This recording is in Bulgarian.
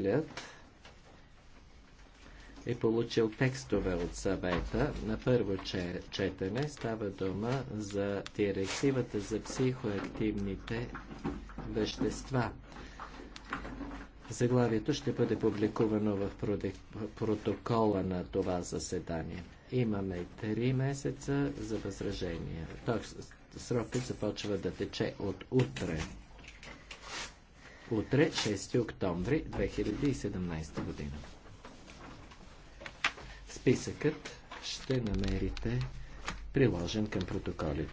учителят е получил текстове от съвета. На първо четене става дума за директивата за психоактивните вещества. Заглавието ще бъде публикувано в протокола на това заседание. Имаме три месеца за възражение. Срокът започва да тече от утре утре, 6 октомври 2017 година. Списъкът ще намерите приложен към протоколите.